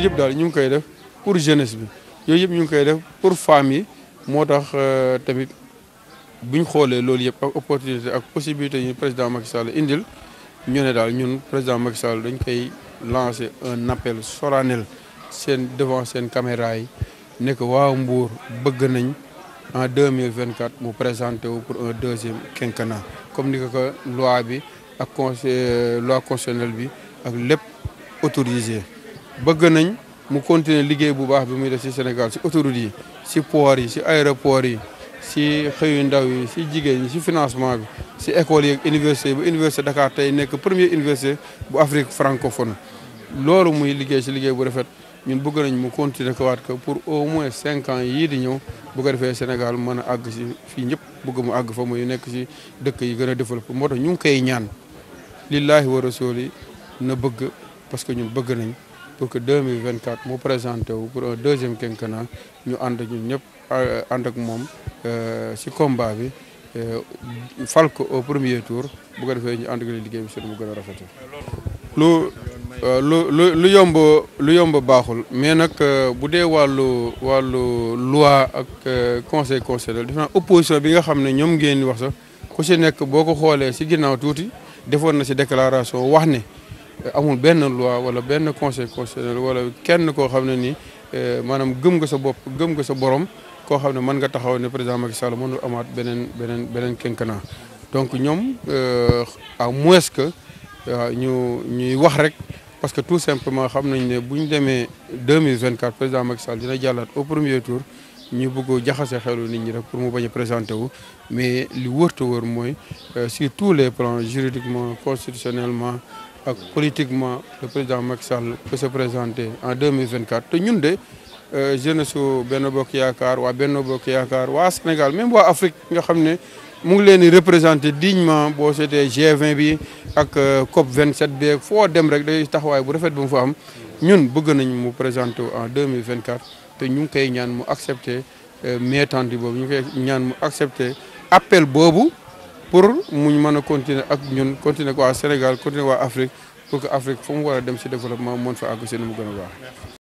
loolu yëpp daal ñu ngi koy def pour jeunesse bi yooyu yëpp ñu ngi koy def pour femme yi moo tax euh, tamit buñ ñu xoolee loolu yëpp ak opportunité ak possibilité yi président Macky Sall indil ñu ne daal ñun président Macky Sall dañ koy lancer un appel solennel seen devant seen caméra yi ne que waa Mbour bëgg nañ en 2024 mu présenté wu pour un deuxième quinquennat comme ni ko ko loi bi ak conseil euh, loi constitutionnelle bi ak lépp autorisé. bëgg nañ mu continuer liggéey bu baax bi muy def si Sénégal si autoroute yi si port yi si aéroport yi si xëyu ndaw yi si jigéen ñi si financement bi si école yi ak université ba université Dakar tey nekk premier université bu Afrique francophone loolu muy liggéey si liggéey bu rafet ñun bëgg nañ mu continuer ko waat ko pour au moins cinq ans yii di ñëw bu ko defee Sénégal mën a àgg si fii ñëpp bëgg mu àgg fa muy nekk si dëkk yi gën a développé moo tax ñu ngi koy ñaan lillaahi wa rasuuli na bëgg parce que ñun bëgg nañ pour que 2024 mu présenté wu pour un deuxième quinquennat ñu ànd ñun ñëpp euh, ànd ak moom si euh, combat bi euh, fal ko au premier tour bu ko defee ñu ànd ak liggéey bi si mu gën a rafetee. lu lu yomb lu yomb baaxul mais nag bu dee wàllu wàllu loi ak conseil constitutionnel def naa opposition bi nga xam ne ñoom ngeen wax sax ku si nekk boo ko xoolee si ginnaaw tuuti defoon na si déclaration wax ne. amul benn loi wala benn conseil constitutionnel wala kenn koo xam ne nii eh, maanaam gëm nga sa bopp gëm nga sa borom koo xam ne mën nga taxaw ne président Macky Sall mënul amaat beneen beneen beneen quinquennat donc ñoom euh, à moins que euh, ñu ñuy wax rek parce que tout simplement xam nañ ne bu ñu demee 2024 président Macky Sall dina jàllaat au premier tour ñu bëgg jaxase xelu nit ñi rek pour mu bañ a présenté wu mais li wër te wër mooy euh, sur tous les plans juridiquement constitutionnellement ak politiquement le président Macky Sall peut se présenter en 2024 te ñun de euh, jeunesse su benn Bokk Yaakaar waa benn Bokk Yaakaar waa Sénégal même waa Afrique nga xam ne mu ngi leen di représenter dignement boo seetee G20 bi ak euh, COP 27 bi foo dem rek day taxawaay bu rafet bu mu fa am ñun bëgg nañ mu présenter en 2024 te ñu ngi koy ñaan mu accepter euh, métante boobu ñu ngi ñaan mu accepter appel boobu pour muñ mën a continuer ak ñun continuer ko waa Sénégal continuer waa Afrique pour que Afrique fu mu war a dem si développement mën fa àgg si nu mu gën a baax